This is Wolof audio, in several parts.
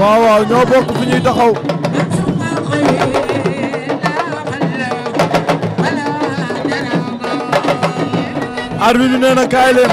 waaw waaw ñoo bokk fi ñuy taxaw arbitre bi nee na kaay leen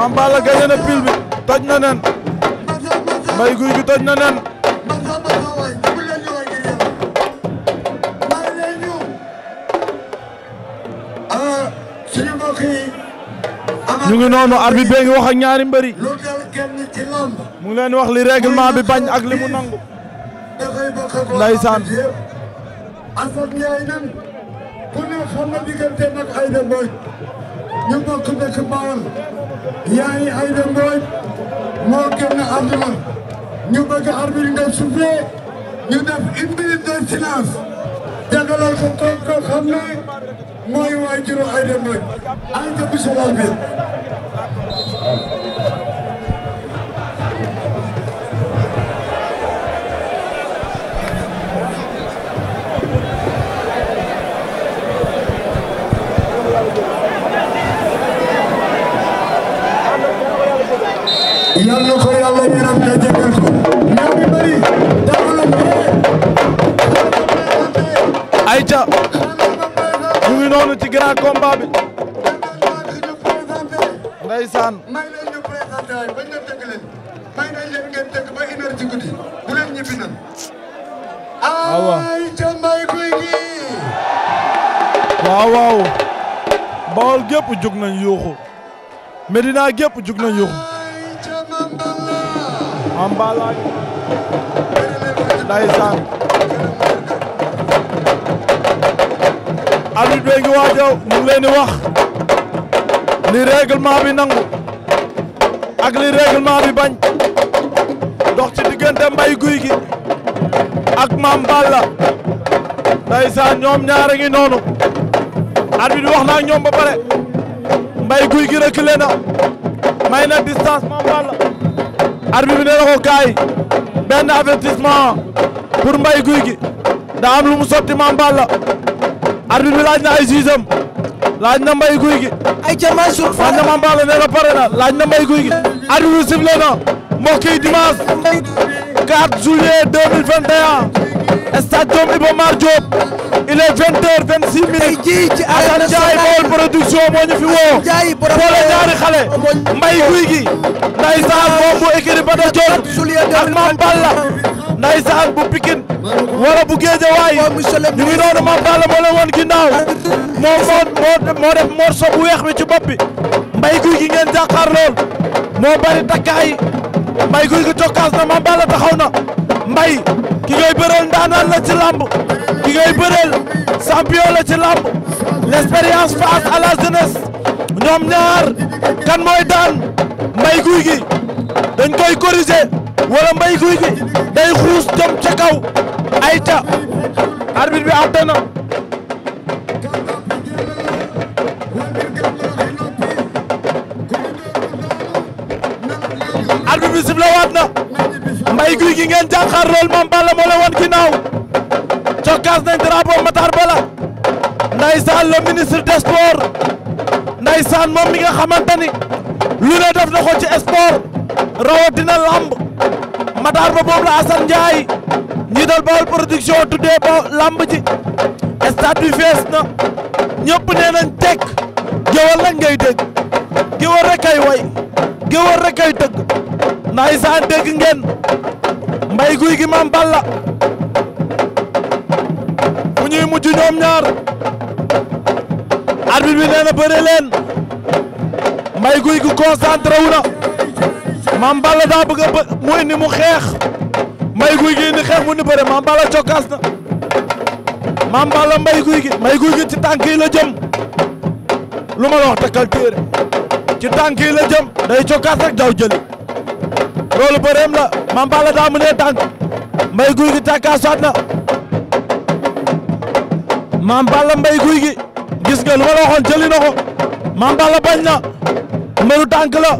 Mame Balla gañe na pile bi toj na nen Mbaye Gouye Gui toj na nen ñu ngi noonu arbitre bi ngi wax ak ñaari mbëri mu ngi leen wax li règlement bi bañ ak li mu nangu ndaysaan asat ñaay nan ku ne xam na diggante nag ay dem ñu bokk dëkk Bawol yaay Ayda Mbodj moo génn àdduna ñu bëgg arbitre nga soufflé ñu def une minute de silence jagleel ko ko ko xam ne mooy waajuru Ayda Mbodj Ayda bisu bi yal na ko yàlla yaram na jégal noonu ci grand combat bi ndeysaan may leen ñu présenté ba une heure ci guddi leen ñibbi nan ayca mbay guy gi waaw waaw Bawol gépp jug yuuxu Medina gépp jug yuuxu Mambalaan ndeysaan arbitre bi ngi waajo ñu ngi wax li règlement bi ak li règlement bi bañ dox ci diggante Mbaye Gouy Gui ak Mame Balla ñoom ñaar a ngi noonu arbitre bi wax na ñoom ba pare Mbaye Gouy Gui reculé may na distance Mame arbitre bi nee na ko kaay benn avertissement pour Mbaye Gouy Gui daa lu mu sotti Mame Balla arbitre bi laaj na ay jugeem laaj na Mbaye Gouy Gui ay ca Mansour laaj na Mame Balla nee na pare na laaj na Mbaye Gouy Gui arbitre bi sifflé na mbokk yi dimanche 4 stade Iba Mar Diop il est vingt heures vingt six minutes tey jii ci moo ñu woo. boole ñaari xale. mbay guy gi. ndaysaan moom bu écrir ba da jot ak Mame Balla ndaysaan bu Pikine wala bu Guédiawaye ñu ngi noonu Mame Balla moo leen woon ginnaaw moo def morso bu weex bi ci bopp mbay guy gi ngeen jàkkaar lool moo bari takkaay mbay guy gi tokkaas na Mame taxaw na. mbay ki ngay bëreel ndaanaan la ci lamb ki ngay bëreel champion la ci lamb l'expérience face à la jeunesse ñoom ñaar kan mooy daan mbay guy gi dañ koy corriger wala mbay guy gi day xuus jëm ca kaw ayta arbitre bi àtte na arbitre bi siflewaat na Mbaye Gouy Gui ngeen jàkkaar lool Mame Balla moo la woon ginnaaw cokkaas nañ drapeau Matar Bala ndaysaan le ministre des sports ndaysaan moom mi nga xamante ni lu ne def na ko ci sport rawatina lamb Matar Ba boobu la Assane Ndiaye ñi dal Baol production tuddee ba lamb ji stade bi fees na ñëpp nee nañ tekk géwal nag ngay dégg géwal rek kay way géwal rek kay tëgg ndaysaan dégg ngeen mbay guy gi maam Balla fu ñuy mujj ñoom ñaar arbitre bi nee bëre leen mbay guy gi concentré na maam daa bëgg a mu indi mu xeex mbay guy gi indi xeex mu ni bëre maam cokkaas na maam mbay guy gi mbay guy gi ci tànk jëm lu ma la wax takkal téere ci tànk jëm day cokkaas rek daw jëli loolu bëreem la Mame Balla daa mënee tànk Mbaye Gouye Gui tàkkaasaat na Mame Balla Mbaye Gouye Gui gis nga lu ma la waxoon jëli na ko Balla bañ na mbaru tànk la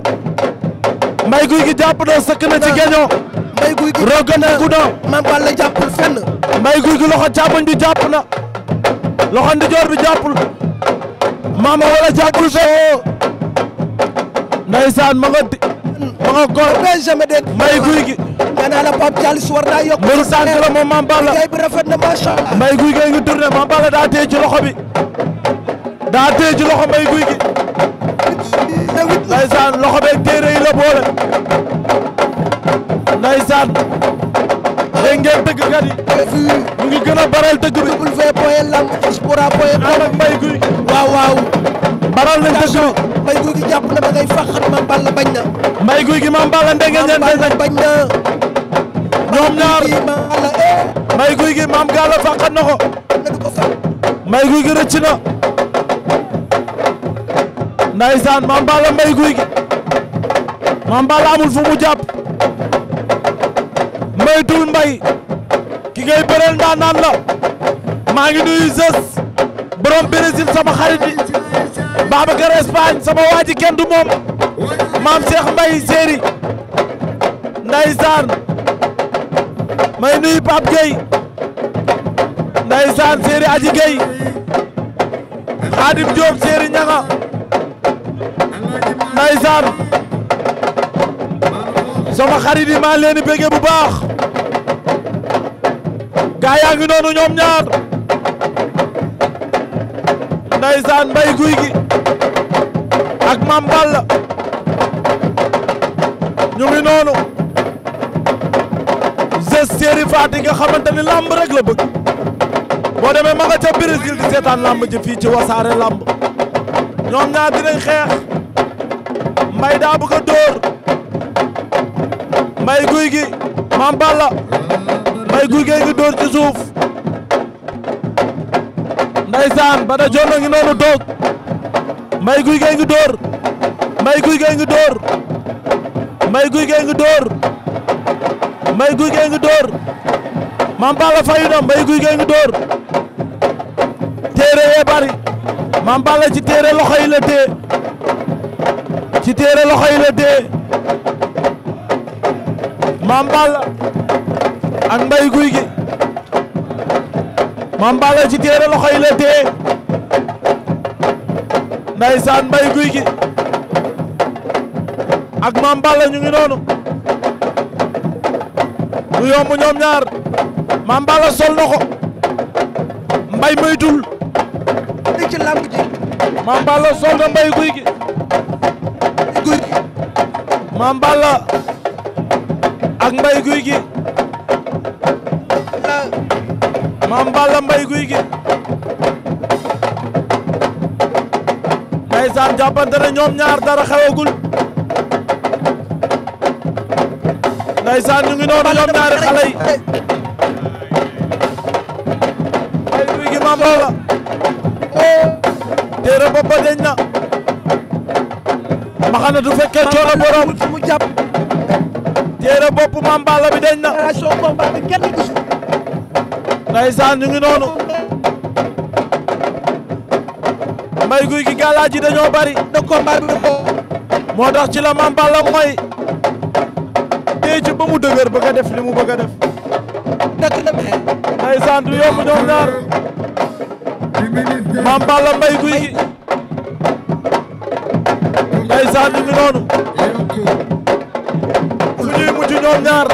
Mbaye Gouye Gui jàpp na sëkk na ci geñoo Mbaye Gouye Gui rogganteku na Mame Balla jàppul fenn Mbaye Gouye Gui bi jàpp na loxo ndijoor bi jàppul maama wala jàppul fenn ndeysaan ma nga ma nga góor jamais déet mbay guy gi nee naa la Pape Thialis war naa yokk mbëru tànk moom Mame Balla bi rafet na macha Allah mbay guy gi ngi tourné Mame daa téye loxo bi daa téye loxo mbay guy gi ndeysaan loxo beeg téere yi la boole ndeysaan dégg ngeen tëggkat yi mu ngi gën a baral tëgg bi w point lam spora point com ak mbay guy maral nañ dëgg lu mbay guy gi jàpp na ba ngay faxat maam Balla bañ na. mbay guy gi maam Balla ndenge ngeen ne bañ na. ñoom ñaar mbay guy gi maam Galla faxat na ko. mbay guy gi rëcc na. ndaysaan maam Balla mbay guy gi. maam Balla amul fu mu jàpp. mbaytul mbay. ki ngay bëreel ndaa naan la. maa ngi nuyu Zos. borom Brésil sama xarit yi. Babacar Espagne sama waa kenn du moom maam Cheikh Mbaye Séeri ndeysaan may nuyu Pape Gueye ndeysaan Séeri Aji Gueye Khadim Diop Séeri Ñanga ndeysaan sama xarit di bëgge bu baax gaa yaa noonu ñoom ñaar ndaysaan mbay guy gi ak Mame Balla ñu ngi noonu gesteri Fatick nga xamante ni lamb rek la bëgg boo demee ma nga ca Brésil di seetaan lamb ji fii ci wasaare lamb ñoom ñaar dinañ xeex mbay daa bëgg a dóor mbay guy gi Mame Balla mbay guy gi ngi dóor ci suuf Ndeysaan Bada Dione ngi noonu toog Mbaye Gouye Gui ngi dóor Mbaye Gouye Gui ngi dóor Mbaye Gouye Gui ngi dóor Mbaye Gouye Gui ngi dóor Mame Balla fayu na Mbaye Gouye ngi dóor téere yee la tee ci téere loxo la tee Mame Balla ak Mame Balla ci téere loxo yi la téye ndaysaan mbay guy gi ak Mame Balla noonu du yomb ñoom ñaar Mame sol na ko mbay moytul li ci làmb ji Mame Balla sol na mbay guy gi guy ak mbay guy gi maam Balla Mbaye Gouye Gui ndeysaan jàppante na ñoom ñaar dara xewagul ndeysaan ñu ngi noonu ñoom ñaari xale yi Mbaye Gouye Gui maam Balla deñ na ma xam du fekkee coono borom téere bopp maam bi deñ na ndaysaan ñu ngi noonu mbay guy gi galaaj yi dañoo bari da combat bi moo tax ci la Mame Balla mooy tey ci ba mu dëgër bëgg a def li mu bëgg a def dëkk na mais ndaysaan du yomb ñoom ñaar Mame Balla mbay guy gi ndaysaan ñu ngi noonu fu ñuy mujj ñoom ñaar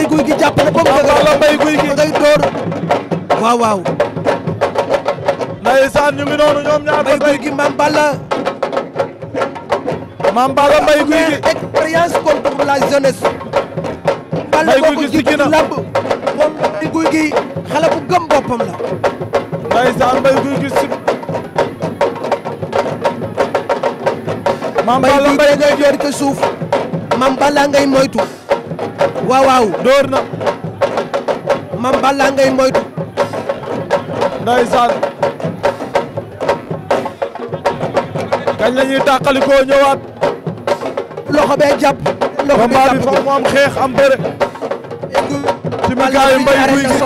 mbay guy gi jàpp na ba mu dëgër la mbay guy gi day door waaw la jeunesse mbay guy gi sikki bu gëm boppam la mbay guy gi si Mame Balla ngay moytu waaw waaw dóor na Mame Balla ngay moytu ndeysaan kañ la tàqalikoo ñëwaat loxo bee jàpp loxo bee jàpp ko mu am xeex am bëre ci mikaay mbay guy gi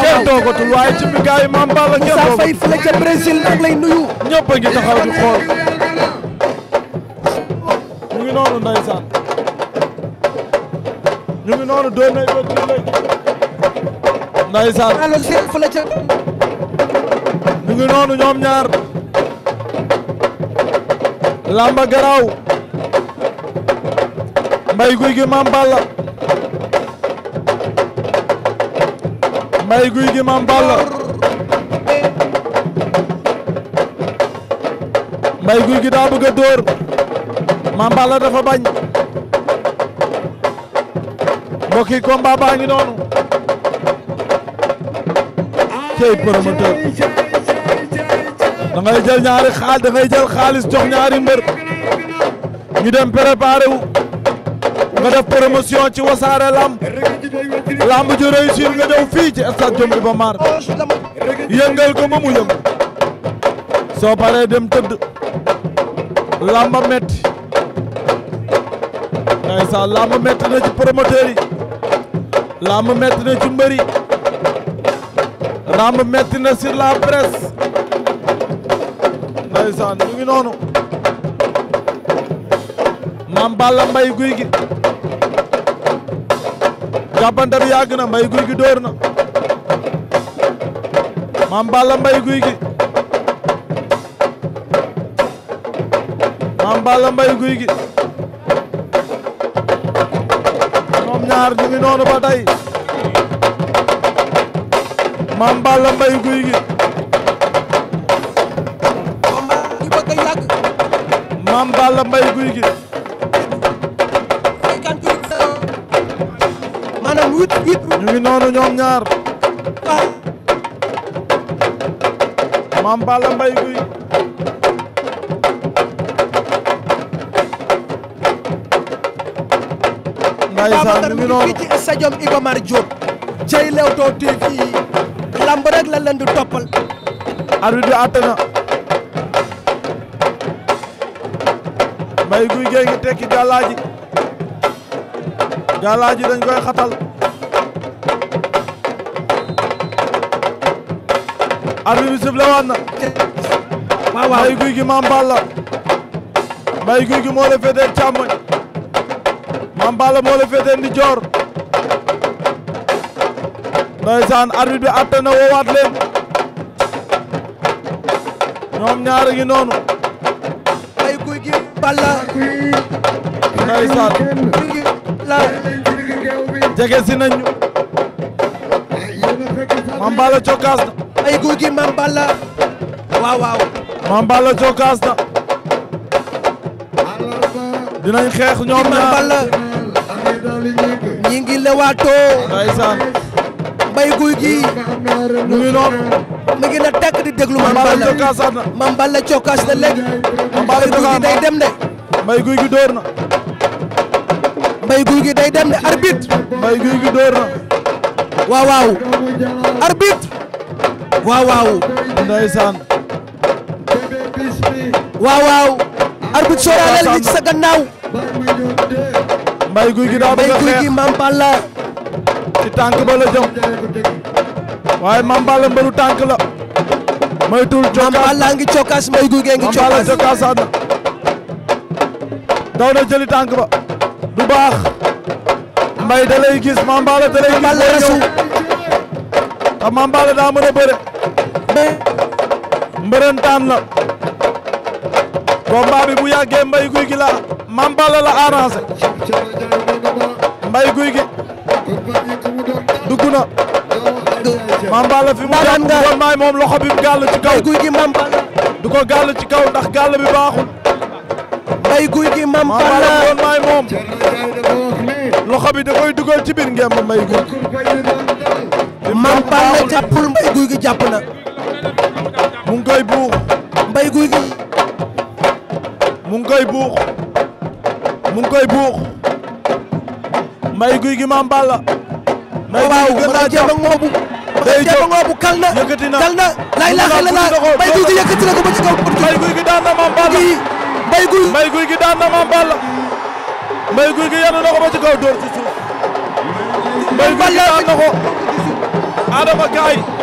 kenn toogatul waaye ci mikaay Mame Balla kenn toogatul fay fële ca Brésil nag lay nuyu ñëpp a ngi taxaw di xool ñu ngi noonu doon nay doon nay. ndeysaan ñu ngi noonu ñoom ñaar. Lamba Garaaw. Mbay Guy gi Maam Mbay Guy gi Maam Mbay Guy gi daa bëgg a dóor. Maam Balla dafa bañ. mbokk yi combat baa ngi noonu cey promoteur da ngay jël ñaari xaal da ngay jël xaalis jox ñaari mbër ñu dem préparé wu nga def promotion ci wasaare lamb lamb ju réussir nga ñëw fii ci stade Jom Iba Mar yëngal ko ba mu yëngu soo paree dem tëdd lamba metti ndeysaan lamba metti na ci promoteur yi lamb metti na ci mbëri metti na sur la presse ndeysaan ñu ngi noonu maam Balla mbay guy gi jàppante bi yàgg na mbay guy gi dóor na maam Balla mbay guy gi maam Balla mbay guy gi ñaar ñu ngi noonu ba tey Mame Balla Mbaye Gouye Gui Mame Balla Mbaye Gouye Gui maanaam huit huit ñu ngi noonu ñoom ñaar Mame Balla Mbaye Gouye Babacar mi ngi ci stadium Iba Mar Diop cey Leewtoo TV lamb rek la leen di toppal arbitre bi àtte na Mbaye Gouye Gui ngi tekki gàllaaji gàllaaji dañ koy xatal arbitre bi siflé na waaw waaw Mbaye Gouye Gui Mame Balla Mbaye moo la féetee càmmoñ Mame Balla moo la ndi joor ndeysaan arbitre bi atte na woowaat leen ñoom ñaar ngi noonu ay guy gi Balla ndeysaan la jege si nañu Mame Balla cokkaas na gi Mame Balla waaw waaw Mame xeex ñoom ñaar lewaatoo. ndeysaan. mbay guy gi. mu ngi noonu. mu ngi na tekk di déglu. Mame Balla cokaas na Mame Balla guy gi day dem de. mbay guy gi door na. mbay guy gi day dem de arbitre. mbay guy gi door na. waaw waaw. arbitre. waaw waaw. ndeysaan. waaw waaw. arbitre sa gannaaw. mbay guy gi daa bëgg a xeex mbay guy gi mambal la. ci tànk ba la jëm. waaye mambal la mbëru tànk la. moytul cokkaas mambal laa ngi cokkaas mbay guy gee ngi cokkaas mambal la cokkaasaat na. daw na jëli tànk ba. du baax. mbay da lay gis mambal daa mën a bëre. mbërëntaan la. combat bi bu yàggee mbay guy gi la mambal la la mbay guy gi dugg na Mame Balla fi mu jàpp woon maay moom loxo bi mu gàll ci kaw guy gi Mame Balla du ko gàll ci kaw ndax gàll bi baaxul mbay guy gi Mame Balla woon maay moom loxo bi da koy dugal ci biir ngemb mbay guy Mame Balla jàppul mbay guy gi jàpp na mu ngi koy buux mbay guy gi mu ngi koy buux mu ngi koy buux mbay guy gi maam Balla. mbay guy gi naa jàpp ngoobu. day jàpp ngoobu kal na kal na. lay laaxee la laa mbay guy gi yëkkati na ko ba kaw. mbay guy gi guy. gi daan na maam Balla. mbay guy gi yanu na ko ba kaw dóor ci suuf. guy gi daan na ko. Adama Gaye.